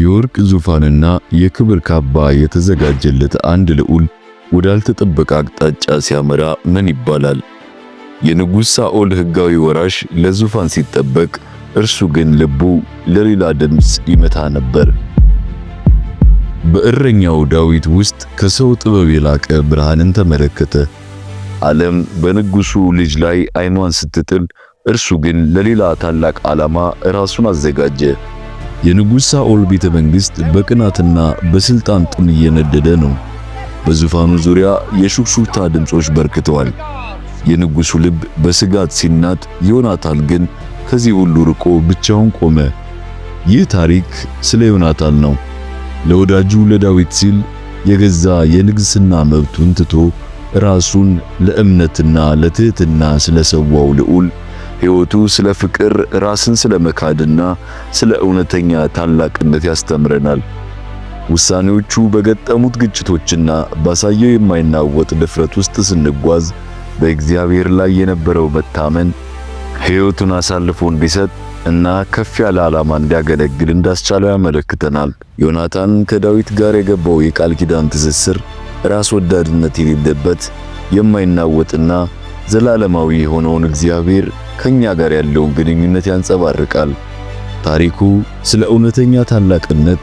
የወርቅ ዙፋንና የክብር ካባ የተዘጋጀለት አንድ ልዑል ወዳልተጠበቀ አቅጣጫ ሲያመራ ምን ይባላል? የንጉሥ ሳኦል ሕጋዊ ወራሽ ለዙፋን ሲጠበቅ፣ እርሱ ግን ልቡ ለሌላ ድምፅ ይመታ ነበር። በእረኛው ዳዊት ውስጥ ከሰው ጥበብ የላቀ ብርሃንን ተመለከተ። ዓለም በንጉሡ ልጅ ላይ ዓይኗን ስትጥል፣ እርሱ ግን ለሌላ ታላቅ ዓላማ ራሱን አዘጋጀ። የንጉሥ ሳኦል ቤተ መንግሥት በቅናትና በሥልጣን ጥም እየነደደ ነው። በዙፋኑ ዙሪያ የሹክሹክታ ድምጾች በርክተዋል። የንጉሡ ልብ በስጋት ሲናጥ፣ ዮናታን ግን ከዚህ ሁሉ ርቆ ብቻውን ቆመ። ይህ ታሪክ ስለ ዮናታን ነው። ለወዳጁ ለዳዊት ሲል የገዛ የንግሥና መብቱን ትቶ ራሱን ለእምነትና ለትሕትና ስለሰዋው ልዑል ሕይወቱ ስለ ፍቅር፣ ራስን ስለ መካድና ስለ እውነተኛ ታላቅነት ያስተምረናል። ውሳኔዎቹ በገጠሙት ግጭቶችና ባሳየው የማይናወጥ ድፍረት ውስጥ ስንጓዝ በእግዚአብሔር ላይ የነበረው መታመን ሕይወቱን አሳልፎ እንዲሰጥ እና ከፍ ያለ ዓላማ እንዲያገለግል እንዳስቻለው ያመለክተናል። ዮናታን ከዳዊት ጋር የገባው የቃል ኪዳን ትስስር ራስ ወዳድነት የሌለበት የማይናወጥና ዘላለማዊ የሆነውን እግዚአብሔር ከኛ ጋር ያለውን ግንኙነት ያንጸባርቃል። ታሪኩ ስለ እውነተኛ ታላቅነት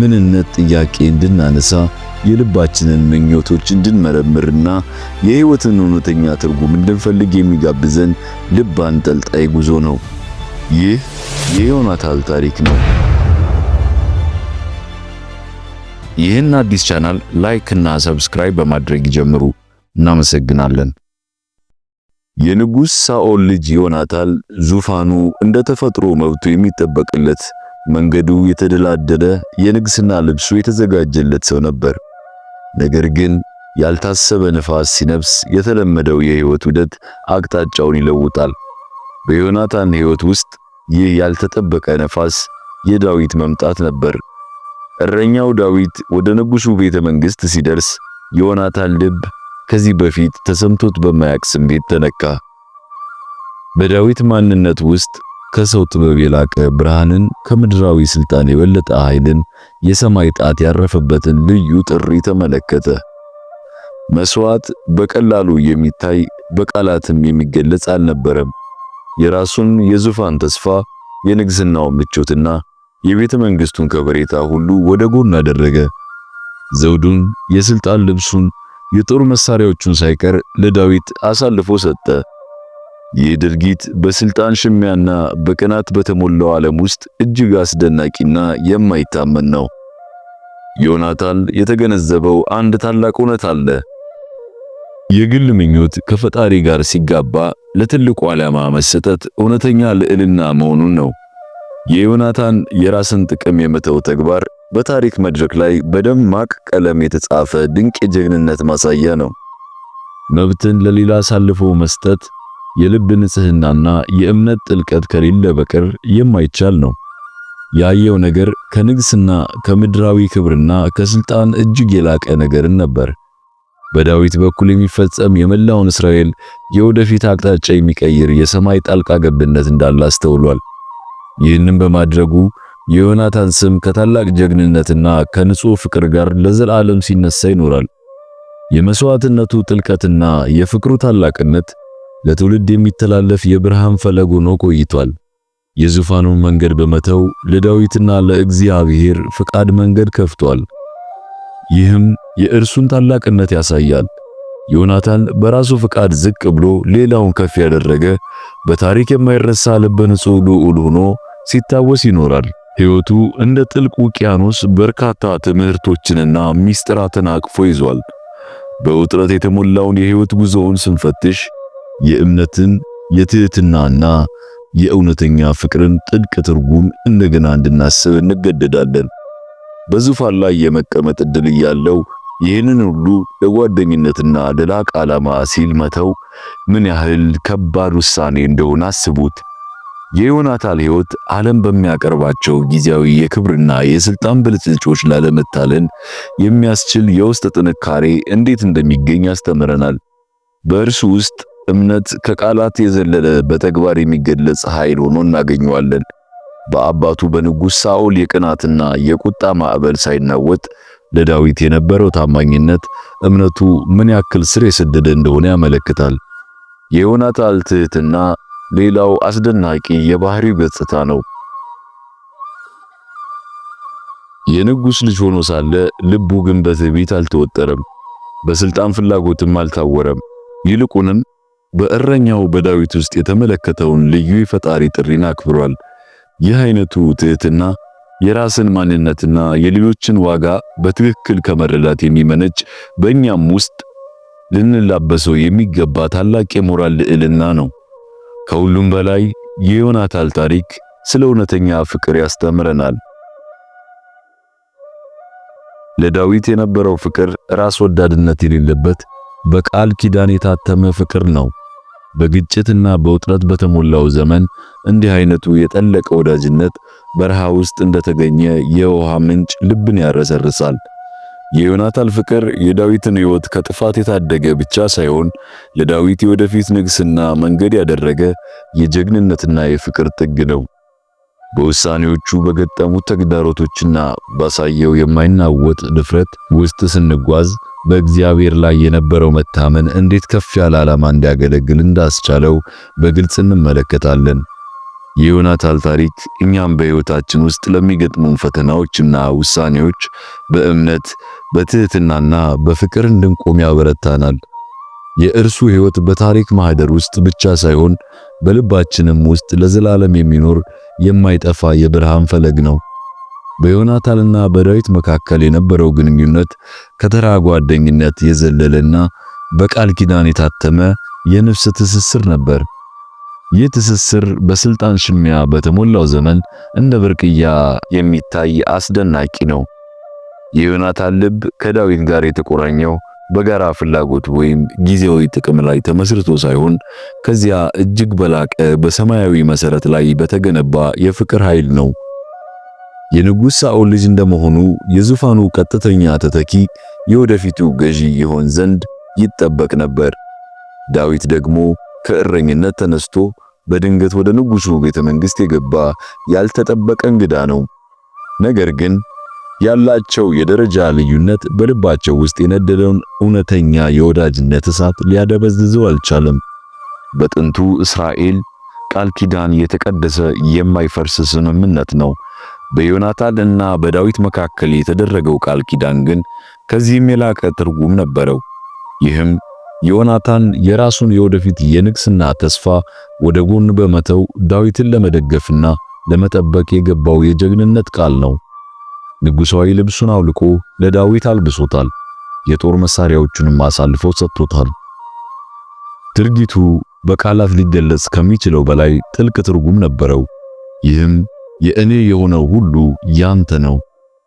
ምንነት ጥያቄ እንድናነሳ የልባችንን ምኞቶች እንድንመረምርና የህይወትን እውነተኛ ትርጉም እንድንፈልግ የሚጋብዘን ልብ አንጠልጣይ ጉዞ ነው። ይህ የዮናታል ታሪክ ነው። ይህን አዲስ ቻናል ላይክ እና ሰብስክራይብ በማድረግ ይጀምሩ። እናመሰግናለን። የንጉሥ ሳኦል ልጅ ዮናታን ዙፋኑ እንደ ተፈጥሮ መብቱ የሚጠበቅለት መንገዱ የተደላደለ የንግስና ልብሱ የተዘጋጀለት ሰው ነበር። ነገር ግን ያልታሰበ ነፋስ ሲነፍስ የተለመደው የሕይወት ውደት አቅጣጫውን ይለውጣል። በዮናታን ሕይወት ውስጥ ይህ ያልተጠበቀ ነፋስ የዳዊት መምጣት ነበር። እረኛው ዳዊት ወደ ንጉሱ ቤተ መንግሥት ሲደርስ ዮናታን ልብ ከዚህ በፊት ተሰምቶት በማያቅ ስሜት ተነካ። በዳዊት ማንነት ውስጥ ከሰው ጥበብ የላቀ ብርሃንን፣ ከምድራዊ ስልጣን የበለጠ ኃይልን፣ የሰማይ ጣት ያረፈበትን ልዩ ጥሪ ተመለከተ። መስዋዕት በቀላሉ የሚታይ በቃላትም የሚገለጽ አልነበረም። የራሱን የዙፋን ተስፋ፣ የንግስናውን ምቾትና የቤተ መንግስቱን ከበሬታ ሁሉ ወደ ጎን አደረገ። ዘውዱን፣ የስልጣን ልብሱን የጦር መሳሪያዎቹን ሳይቀር ለዳዊት አሳልፎ ሰጠ። ይህ ድርጊት በስልጣን ሽሚያና በቅናት በተሞላው ዓለም ውስጥ እጅግ አስደናቂና የማይታመን ነው። ዮናታን የተገነዘበው አንድ ታላቅ እውነት አለ። የግል ምኞት ከፈጣሪ ጋር ሲጋባ ለትልቁ ዓላማ መሰጠት እውነተኛ ልዕልና መሆኑን ነው። የዮናታን የራስን ጥቅም የመተው ተግባር በታሪክ መድረክ ላይ በደማቅ ቀለም የተጻፈ ድንቅ የጀግንነት ማሳያ ነው። መብትን ለሌላ አሳልፎ መስጠት የልብ ንጽህናና የእምነት ጥልቀት ከሌለ በቀር የማይቻል ነው። ያየው ነገር ከንግስና ከምድራዊ ክብርና ከስልጣን እጅግ የላቀ ነገርን ነበር። በዳዊት በኩል የሚፈጸም የመላውን እስራኤል የወደፊት አቅጣጫ የሚቀይር የሰማይ ጣልቃ ገብነት እንዳለ አስተውሏል። ይህንም በማድረጉ የዮናታን ስም ከታላቅ ጀግንነትና ከንጹህ ፍቅር ጋር ለዘላለም ሲነሳ ይኖራል። የመስዋዕትነቱ ጥልቀትና የፍቅሩ ታላቅነት ለትውልድ የሚተላለፍ የብርሃን ፈለግ ሆኖ ቆይቷል። የዙፋኑን መንገድ በመተው ለዳዊትና ለእግዚአብሔር ፍቃድ መንገድ ከፍቷል። ይህም የእርሱን ታላቅነት ያሳያል። ዮናታን በራሱ ፍቃድ ዝቅ ብሎ ሌላውን ከፍ ያደረገ፣ በታሪክ የማይረሳ ልበ ንጹህ ልዑል ሆኖ ሲታወስ ይኖራል። ሕይወቱ እንደ ጥልቅ ውቅያኖስ በርካታ ትምህርቶችንና ሚስጥራትን አቅፎ ይዟል። በውጥረት የተሞላውን የሕይወት ጉዞውን ስንፈትሽ የእምነትን፣ የትህትናና የእውነተኛ ፍቅርን ጥልቅ ትርጉም እንደገና እንድናስብ እንገደዳለን። በዙፋን ላይ የመቀመጥ እድል እያለው ይህንን ሁሉ ለጓደኝነትና ለላቅ ዓላማ ሲል መተው ምን ያህል ከባድ ውሳኔ እንደሆነ አስቡት። የዮናታን ሕይወት ዓለም በሚያቀርባቸው ጊዜያዊ የክብርና የስልጣን ብልጭልጮች ላለመታለን የሚያስችል የውስጥ ጥንካሬ እንዴት እንደሚገኝ ያስተምረናል። በእርሱ ውስጥ እምነት ከቃላት የዘለለ በተግባር የሚገለጽ ኃይል ሆኖ እናገኘዋለን። በአባቱ በንጉሥ ሳኦል የቅናትና የቁጣ ማዕበል ሳይናወጥ ለዳዊት የነበረው ታማኝነት እምነቱ ምን ያክል ስር የሰደደ እንደሆነ ያመለክታል። የዮናታን ትህትና ሌላው አስደናቂ የባህሪው ገጽታ ነው። የንጉሥ ልጅ ሆኖ ሳለ ልቡ ግን በትዕቢት አልተወጠረም፣ በስልጣን ፍላጎትም አልታወረም። ይልቁንም በእረኛው በዳዊት ውስጥ የተመለከተውን ልዩ የፈጣሪ ጥሪን አክብሯል። ይህ አይነቱ ትህትና የራስን ማንነትና የሌሎችን ዋጋ በትክክል ከመረዳት የሚመነጭ በእኛም ውስጥ ልንላበሰው የሚገባ ታላቅ የሞራል ልዕልና ነው። ከሁሉም በላይ የዮናታን ታሪክ ስለ እውነተኛ ፍቅር ያስተምረናል። ለዳዊት የነበረው ፍቅር ራስ ወዳድነት የሌለበት በቃል ኪዳን የታተመ ፍቅር ነው። በግጭትና በውጥረት በተሞላው ዘመን እንዲህ አይነቱ የጠለቀ ወዳጅነት በረሃ ውስጥ እንደተገኘ የውሃ ምንጭ ልብን ያረሰርሳል። የዮናታን ፍቅር የዳዊትን ሕይወት ከጥፋት የታደገ ብቻ ሳይሆን ለዳዊት የወደፊት ንግስና መንገድ ያደረገ የጀግንነትና የፍቅር ጥግ ነው። በውሳኔዎቹ በገጠሙት ተግዳሮቶችና ባሳየው የማይናወጥ ድፍረት ውስጥ ስንጓዝ በእግዚአብሔር ላይ የነበረው መታመን እንዴት ከፍ ያለ ዓላማ እንዲያገለግል እንዳስቻለው በግልጽ እንመለከታለን። የዮናታን ታሪክ እኛም በሕይወታችን ውስጥ ለሚገጥሙን ፈተናዎችና ውሳኔዎች በእምነት በትሕትናና በፍቅር እንድንቆም ያበረታናል። የእርሱ ሕይወት በታሪክ ማህደር ውስጥ ብቻ ሳይሆን በልባችንም ውስጥ ለዘላለም የሚኖር የማይጠፋ የብርሃን ፈለግ ነው። በዮናታንና በዳዊት መካከል የነበረው ግንኙነት ከተራ ጓደኝነት የዘለለና በቃል ኪዳን የታተመ የነፍስ ትስስር ነበር። ይህ ትስስር በስልጣን ሽሚያ በተሞላው ዘመን እንደ ብርቅያ የሚታይ አስደናቂ ነው። የዮናታን ልብ ከዳዊት ጋር የተቆራኘው በጋራ ፍላጎት ወይም ጊዜያዊ ጥቅም ላይ ተመስርቶ ሳይሆን ከዚያ እጅግ በላቀ በሰማያዊ መሰረት ላይ በተገነባ የፍቅር ኃይል ነው። የንጉሥ ሳኦል ልጅ እንደመሆኑ የዙፋኑ ቀጥተኛ ተተኪ የወደፊቱ ገዢ ይሆን ዘንድ ይጠበቅ ነበር። ዳዊት ደግሞ ከእረኝነት ተነስቶ በድንገት ወደ ንጉሱ ቤተ መንግስት የገባ ያልተጠበቀ እንግዳ ነው። ነገር ግን ያላቸው የደረጃ ልዩነት በልባቸው ውስጥ የነደደውን እውነተኛ የወዳጅነት እሳት ሊያደበዝዘው አልቻለም። በጥንቱ እስራኤል ቃል ኪዳን የተቀደሰ የማይፈርስ ስምምነት ነው። በዮናታን እና በዳዊት መካከል የተደረገው ቃል ኪዳን ግን ከዚህም የላቀ ትርጉም ነበረው። ይህም ዮናታን የራሱን የወደፊት የንግስና ተስፋ ወደ ጎን በመተው ዳዊትን ለመደገፍና ለመጠበቅ የገባው የጀግንነት ቃል ነው። ንጉሣዊ ልብሱን አውልቆ ለዳዊት አልብሶታል፣ የጦር መሳሪያዎቹንም አሳልፎ ሰጥቶታል። ድርጊቱ በቃላት ሊገለጽ ከሚችለው በላይ ጥልቅ ትርጉም ነበረው። ይህም የእኔ የሆነው ሁሉ ያንተ ነው፣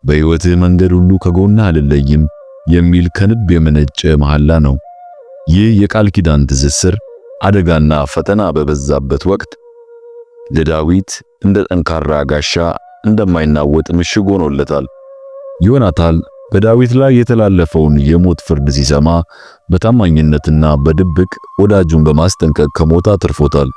በሕይወትህ መንገድ ሁሉ ከጎና አልለይም የሚል ከልብ የመነጨ መሐላ ነው። ይህ የቃል ኪዳን ትስስር አደጋና ፈተና በበዛበት ወቅት ለዳዊት እንደ ጠንካራ ጋሻ እንደማይናወጥ ምሽግ ሆኖለታል። ዮናታን በዳዊት ላይ የተላለፈውን የሞት ፍርድ ሲሰማ በታማኝነትና በድብቅ ወዳጁን በማስጠንቀቅ ከሞት አትርፎታል።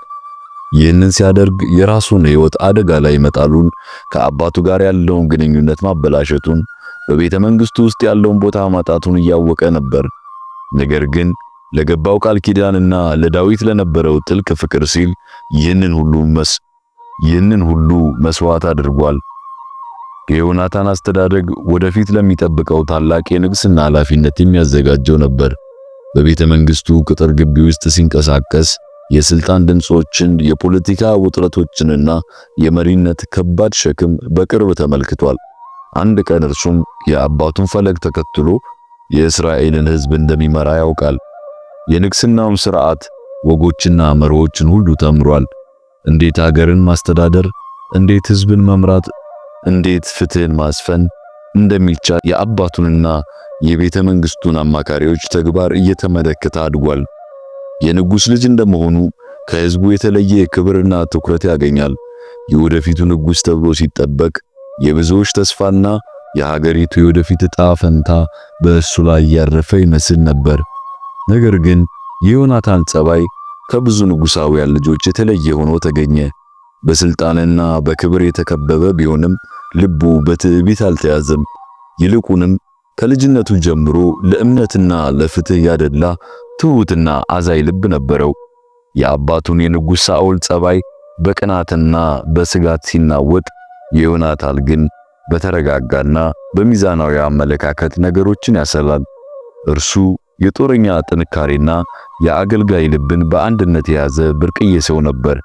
ይህንን ሲያደርግ የራሱን ሕይወት አደጋ ላይ መጣሉን፣ ከአባቱ ጋር ያለውን ግንኙነት ማበላሸቱን፣ በቤተ መንግሥቱ ውስጥ ያለውን ቦታ ማጣቱን እያወቀ ነበር። ነገር ግን ለገባው ቃል ኪዳንና ለዳዊት ለነበረው ጥልቅ ፍቅር ሲል ይህንን ሁሉ መስ ይህንን ሁሉ መስዋዕት አድርጓል። የዮናታን አስተዳደግ ወደፊት ለሚጠብቀው ታላቅ የንግስና ኃላፊነት የሚያዘጋጀው ነበር። በቤተ መንግስቱ ቅጥር ግቢ ውስጥ ሲንቀሳቀስ የስልጣን ድምጾችን፣ የፖለቲካ ውጥረቶችንና የመሪነት ከባድ ሸክም በቅርብ ተመልክቷል። አንድ ቀን እርሱም የአባቱን ፈለግ ተከትሎ የእስራኤልን ሕዝብ እንደሚመራ ያውቃል። የንግስናውን ሥርዓት ወጎችና መርሆችን ሁሉ ተምሯል። እንዴት አገርን ማስተዳደር፣ እንዴት ሕዝብን መምራት፣ እንዴት ፍትህን ማስፈን እንደሚቻል የአባቱንና የቤተ መንግስቱን አማካሪዎች ተግባር እየተመለከተ አድጓል። የንጉስ ልጅ እንደመሆኑ ከህዝቡ የተለየ ክብርና ትኩረት ያገኛል። የወደፊቱ ንጉስ ተብሎ ሲጠበቅ የብዙዎች ተስፋና የሀገሪቱ የወደፊት ዕጣ ፈንታ በእሱ ላይ ያረፈ ይመስል ነበር። ነገር ግን የዮናታን ጸባይ ከብዙ ንጉሳውያን ልጆች የተለየ ሆኖ ተገኘ። በስልጣንና በክብር የተከበበ ቢሆንም ልቡ በትዕቢት አልተያዘም። ይልቁንም ከልጅነቱ ጀምሮ ለእምነትና ለፍትህ ያደላ ትሑትና አዛይ ልብ ነበረው። የአባቱን የንጉሥ ሳኦል ጸባይ በቅናትና በስጋት ሲናወጥ፣ የዮናታን ግን በተረጋጋና በሚዛናዊ አመለካከት ነገሮችን ያሰላል። እርሱ የጦረኛ ጥንካሬና የአገልጋይ ልብን በአንድነት የያዘ ብርቅዬ ሰው ነበር።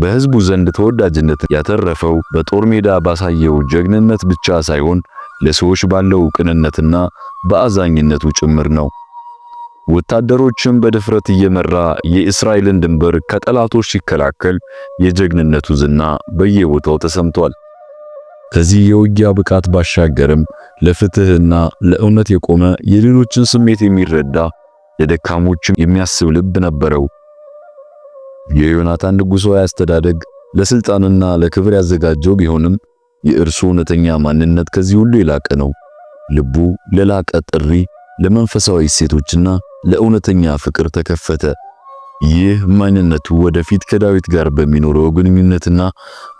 በሕዝቡ ዘንድ ተወዳጅነት ያተረፈው በጦር ሜዳ ባሳየው ጀግንነት ብቻ ሳይሆን ለሰዎች ባለው ቅንነትና በአዛኝነቱ ጭምር ነው። ወታደሮችን በድፍረት እየመራ የእስራኤልን ድንበር ከጠላቶች ሲከላከል የጀግንነቱ ዝና በየቦታው ተሰምቷል። ከዚህ የውጊያ ብቃት ባሻገርም ለፍትህና ለእውነት የቆመ የሌሎችን ስሜት የሚረዳ ለደካሞችም የሚያስብ ልብ ነበረው። የዮናታን ንጉሣዊ አስተዳደግ ለስልጣንና ለክብር ያዘጋጀው ቢሆንም የእርሱ እውነተኛ ማንነት ከዚህ ሁሉ የላቀ ነው። ልቡ ለላቀ ጥሪ፣ ለመንፈሳዊ እሴቶችና ለእውነተኛ ፍቅር ተከፈተ። ይህ ማንነቱ ወደፊት ከዳዊት ጋር በሚኖረው ግንኙነትና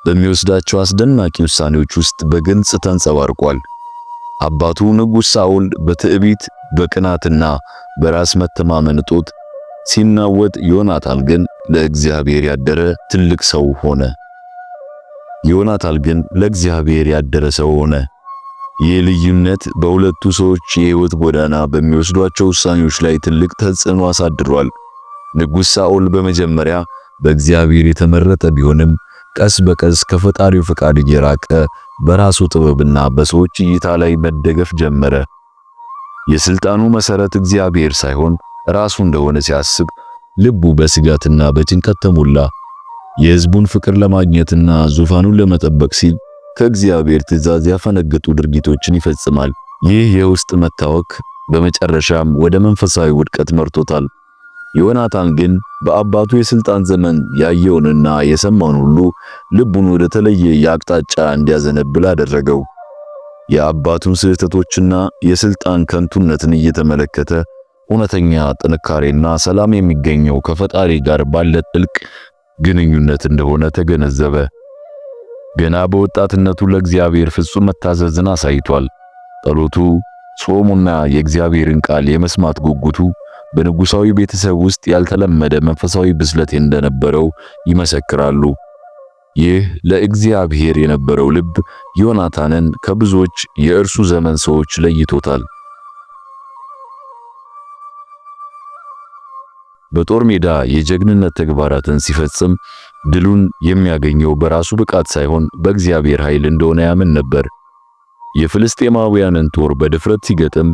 በሚወስዳቸው አስደናቂ ውሳኔዎች ውስጥ በግልጽ ተንጸባርቋል። አባቱ ንጉሥ ሳኦል በትዕቢት በቅናትና በራስ መተማመን እጦት ሲናወጥ፣ ዮናታን ግን ለእግዚአብሔር ያደረ ትልቅ ሰው ሆነ። ዮናታን ግን ለእግዚአብሔር ያደረ ሰው ሆነ። ይህ ልዩነት በሁለቱ ሰዎች የሕይወት ጎዳና በሚወስዷቸው ውሳኔዎች ላይ ትልቅ ተጽዕኖ አሳድሯል። ንጉሥ ሳኦል በመጀመሪያ በእግዚአብሔር የተመረጠ ቢሆንም ቀስ በቀስ ከፈጣሪው ፈቃድ እየራቀ በራሱ ጥበብና በሰዎች እይታ ላይ መደገፍ ጀመረ። የሥልጣኑ መሠረት እግዚአብሔር ሳይሆን ራሱ እንደሆነ ሲያስብ ልቡ በስጋትና በጭንቀት ተሞላ። የሕዝቡን ፍቅር ለማግኘትና ዙፋኑን ለመጠበቅ ሲል ከእግዚአብሔር ትእዛዝ ያፈነገጡ ድርጊቶችን ይፈጽማል። ይህ የውስጥ መታወክ በመጨረሻም ወደ መንፈሳዊ ውድቀት መርቶታል። ዮናታን ግን በአባቱ የስልጣን ዘመን ያየውንና የሰማውን ሁሉ ልቡን ወደ ተለየ የአቅጣጫ እንዲያዘነብል አደረገው። የአባቱን ስህተቶችና የስልጣን ከንቱነትን እየተመለከተ እውነተኛ ጥንካሬና ሰላም የሚገኘው ከፈጣሪ ጋር ባለ ጥልቅ ግንኙነት እንደሆነ ተገነዘበ። ገና በወጣትነቱ ለእግዚአብሔር ፍጹም መታዘዝን አሳይቷል። ጸሎቱ፣ ጾሙና የእግዚአብሔርን ቃል የመስማት ጉጉቱ በንጉሳዊ ቤተሰብ ውስጥ ያልተለመደ መንፈሳዊ ብስለት እንደነበረው ይመሰክራሉ። ይህ ለእግዚአብሔር የነበረው ልብ ዮናታንን ከብዙዎች የእርሱ ዘመን ሰዎች ለይቶታል። በጦር ሜዳ የጀግንነት ተግባራትን ሲፈጽም ድሉን የሚያገኘው በራሱ ብቃት ሳይሆን በእግዚአብሔር ኃይል እንደሆነ ያምን ነበር። የፍልስጤማውያንን ጦር በድፍረት ሲገጥም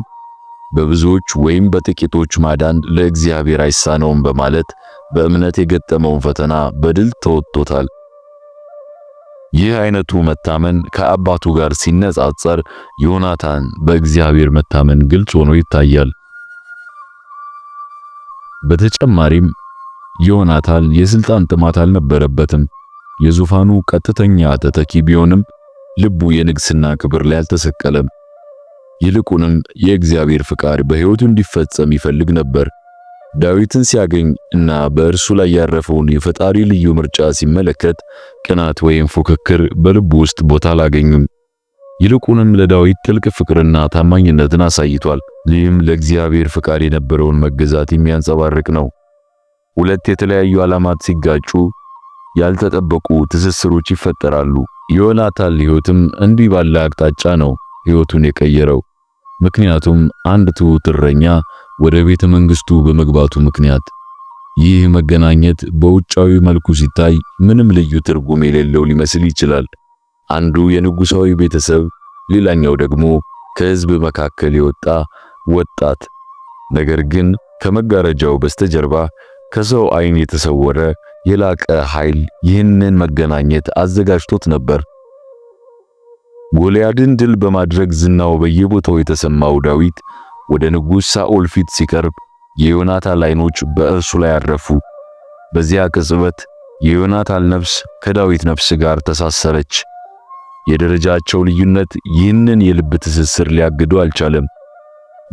በብዙዎች ወይም በጥቂቶች ማዳን ለእግዚአብሔር አይሳነውም በማለት በእምነት የገጠመውን ፈተና በድል ተወጥቶታል። ይህ አይነቱ መታመን ከአባቱ ጋር ሲነጻጸር ዮናታን በእግዚአብሔር መታመን ግልጽ ሆኖ ይታያል። በተጨማሪም ዮናታን የስልጣን ጥማት አልነበረበትም። የዙፋኑ ቀጥተኛ ተተኪ ቢሆንም ልቡ የንግስና ክብር ላይ አልተሰቀለም። ይልቁንም የእግዚአብሔር ፍቃድ በሕይወቱ እንዲፈጸም ይፈልግ ነበር። ዳዊትን ሲያገኝ እና በእርሱ ላይ ያረፈውን የፈጣሪ ልዩ ምርጫ ሲመለከት ቅናት ወይም ፉክክር በልቡ ውስጥ ቦታ አላገኙም። ይልቁንም ለዳዊት ጥልቅ ፍቅርና ታማኝነትን አሳይቷል። ይህም ለእግዚአብሔር ፍቃድ የነበረውን መገዛት የሚያንጸባርቅ ነው። ሁለት የተለያዩ ዓላማት ሲጋጩ ያልተጠበቁ ትስስሮች ይፈጠራሉ። ዮናታን ሕይወትም እንዲህ ባለ አቅጣጫ ነው። ሕይወቱን የቀየረው። ምክንያቱም አንድ ትሑት እረኛ ወደ ቤተ መንግስቱ በመግባቱ ምክንያት። ይህ መገናኘት በውጫዊ መልኩ ሲታይ ምንም ልዩ ትርጉም የሌለው ሊመስል ይችላል። አንዱ የንጉሣዊ ቤተሰብ፣ ሌላኛው ደግሞ ከህዝብ መካከል የወጣ ወጣት። ነገር ግን ከመጋረጃው በስተጀርባ ከሰው አይን የተሰወረ የላቀ ኃይል ይህንን መገናኘት አዘጋጅቶት ነበር። ጎልያድን ድል በማድረግ ዝናው በየቦታው የተሰማው ዳዊት ወደ ንጉሥ ሳኦል ፊት ሲቀርብ የዮናታን ዓይኖች በእርሱ ላይ አረፉ። በዚያ ቅጽበት የዮናታን ነፍስ ከዳዊት ነፍስ ጋር ተሳሰረች። የደረጃቸው ልዩነት ይህንን የልብ ትስስር ሊያግዱ አልቻለም።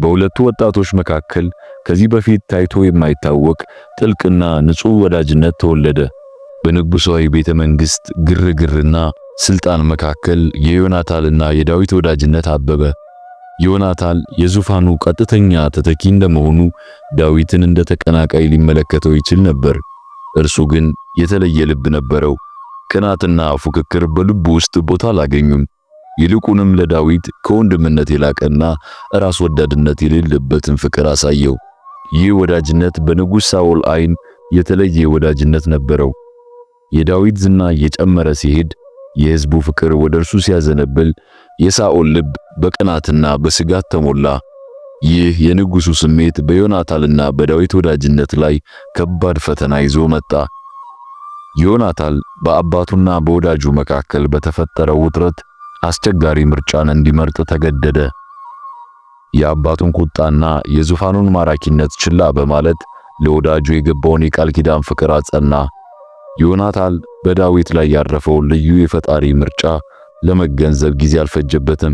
በሁለቱ ወጣቶች መካከል ከዚህ በፊት ታይቶ የማይታወቅ ጥልቅና ንጹሕ ወዳጅነት ተወለደ። በንጉሣዊ ቤተ መንግሥት ግርግርና ስልጣን መካከል የዮናታልና የዳዊት ወዳጅነት አበበ። ዮናታል የዙፋኑ ቀጥተኛ ተተኪ እንደመሆኑ ዳዊትን እንደ ተቀናቃይ ሊመለከተው ይችል ነበር። እርሱ ግን የተለየ ልብ ነበረው። ቅናትና ፉክክር በልቡ ውስጥ ቦታ አላገኙም። ይልቁንም ለዳዊት ከወንድምነት የላቀና ራስ ወዳድነት የሌለበትን ፍቅር አሳየው። ይህ ወዳጅነት በንጉሥ ሳኦል ዓይን የተለየ ወዳጅነት ነበረው። የዳዊት ዝና እየጨመረ ሲሄድ የሕዝቡ ፍቅር ወደ እርሱ ሲያዘነብል የሳኦል ልብ በቅናትና በስጋት ተሞላ። ይህ የንጉሱ ስሜት በዮናታልና በዳዊት ወዳጅነት ላይ ከባድ ፈተና ይዞ መጣ። ዮናታል በአባቱና በወዳጁ መካከል በተፈጠረው ውጥረት አስቸጋሪ ምርጫን እንዲመርጥ ተገደደ። የአባቱን ቁጣና የዙፋኑን ማራኪነት ችላ በማለት ለወዳጁ የገባውን የቃል ኪዳን ፍቅር አጸና። ዮናታን በዳዊት ላይ ያረፈውን ልዩ የፈጣሪ ምርጫ ለመገንዘብ ጊዜ አልፈጀበትም።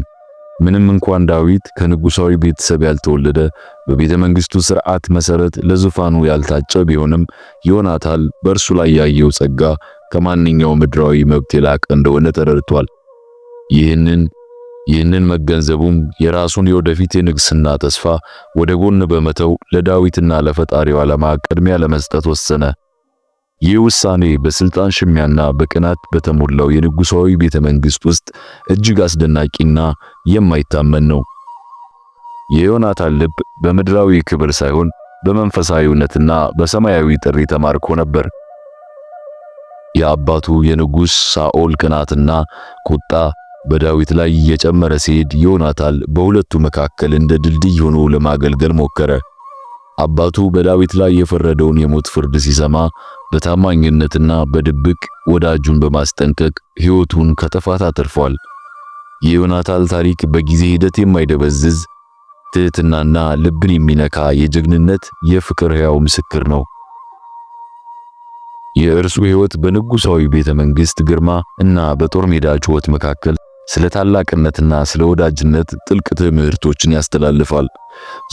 ምንም እንኳን ዳዊት ከንጉሳዊ ቤተሰብ ያልተወለደ በቤተ መንግስቱ ስርዓት መሰረት ለዙፋኑ ያልታጨ ቢሆንም ዮናታን በእርሱ ላይ ያየው ጸጋ ከማንኛው ምድራዊ መብት የላቀ እንደሆነ ተረድቷል። ይህንን ይህንን መገንዘቡም የራሱን የወደፊት የንግስና ተስፋ ወደ ጎን በመተው ለዳዊትና ለፈጣሪው ዓላማ ቅድሚያ ለመስጠት ወሰነ። ይህ ውሳኔ በስልጣን ሽሚያና በቅናት በተሞላው የንጉሳዊ ቤተ መንግስት ውስጥ እጅግ አስደናቂና የማይታመን ነው። የዮናታን ልብ በምድራዊ ክብር ሳይሆን በመንፈሳዊነትና በሰማያዊ ጥሪ ተማርኮ ነበር። የአባቱ የንጉሥ ሳኦል ቅናትና ቁጣ በዳዊት ላይ የጨመረ ሲሄድ ዮናታን በሁለቱ መካከል እንደ ድልድይ ሆኖ ለማገልገል ሞከረ። አባቱ በዳዊት ላይ የፈረደውን የሞት ፍርድ ሲሰማ በታማኝነትና በድብቅ ወዳጁን በማስጠንቀቅ ሕይወቱን ከጥፋት አትርፏል። የዮናታን ታሪክ በጊዜ ሂደት የማይደበዝዝ ትህትናና ልብን የሚነካ የጀግንነት የፍቅር ሕያው ምስክር ነው። የእርሱ ሕይወት በንጉሣዊ ቤተ መንግሥት ግርማ እና በጦር ሜዳ ጩኸት መካከል ስለ ታላቅነትና ስለ ወዳጅነት ጥልቅ ትምህርቶችን ያስተላልፋል።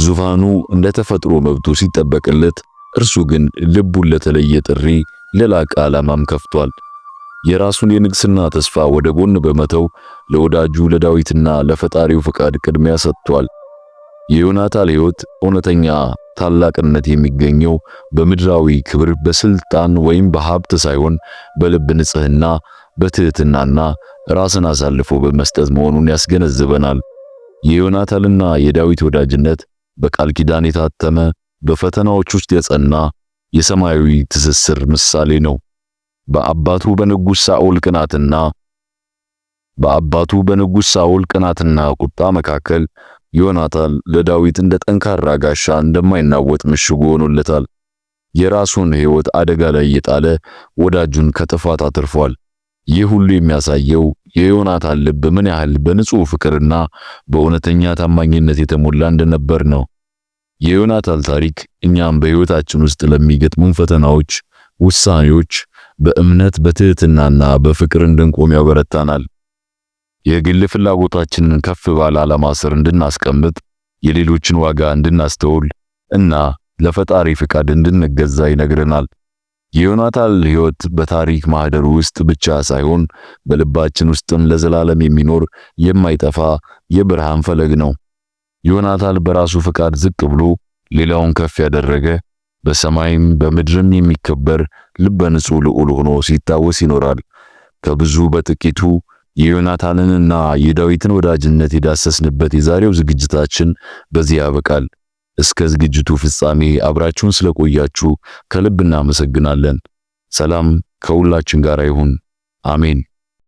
ዙፋኑ እንደ ተፈጥሮ መብቱ ሲጠበቅለት እርሱ ግን ልቡን ለተለየ ጥሪ፣ ለላቀ ዓላማም ከፍቷል። የራሱን የንግስና ተስፋ ወደ ጎን በመተው ለወዳጁ ለዳዊትና ለፈጣሪው ፈቃድ ቅድሚያ ሰጥቷል። የዮናታን ሕይወት እውነተኛ ታላቅነት የሚገኘው በምድራዊ ክብር፣ በስልጣን ወይም በሀብት ሳይሆን በልብ ንጽህና፣ በትህትናና ራስን አሳልፎ በመስጠት መሆኑን ያስገነዝበናል። የዮናታንና የዳዊት ወዳጅነት በቃል ኪዳን የታተመ በፈተናዎች ውስጥ የጸና የሰማያዊ ትስስር ምሳሌ ነው። በአባቱ በንጉሥ ሳኦል ቅናትና በአባቱ በንጉሥ ሳኦል ቅናትና ቁጣ መካከል ዮናታን ለዳዊት እንደ ጠንካራ ጋሻ እንደማይናወጥ ምሽጉ ሆኖለታል። የራሱን ሕይወት አደጋ ላይ የጣለ ወዳጁን ከጥፋት አትርፏል። ይህ ሁሉ የሚያሳየው የዮናታን ልብ ምን ያህል በንጹሕ ፍቅርና በእውነተኛ ታማኝነት የተሞላ እንደነበር ነው። የዮናታን ታሪክ እኛም በሕይወታችን ውስጥ ለሚገጥሙን ፈተናዎች፣ ውሳኔዎች በእምነት በትህትናና በፍቅር እንድንቆም ያበረታናል። የግል ፍላጎታችንን ከፍ ባለ ዓላማ ስር እንድናስቀምጥ፣ የሌሎችን ዋጋ እንድናስተውል እና ለፈጣሪ ፍቃድ እንድንገዛ ይነግረናል። የዮናታን ሕይወት በታሪክ ማህደር ውስጥ ብቻ ሳይሆን በልባችን ውስጥም ለዘላለም የሚኖር የማይጠፋ የብርሃን ፈለግ ነው። ዮናታን በራሱ ፈቃድ ዝቅ ብሎ ሌላውን ከፍ ያደረገ በሰማይም በምድርም የሚከበር ልበ ንጹሕ ልዑል ሆኖ ሲታወስ ይኖራል። ከብዙ በጥቂቱ የዮናታንንና የዳዊትን ወዳጅነት የዳሰስንበት የዛሬው ዝግጅታችን በዚህ ያበቃል። እስከ ዝግጅቱ ፍጻሜ አብራችሁን ስለቆያችሁ ከልብ እናመሰግናለን። ሰላም ከሁላችን ጋር ይሁን። አሜን።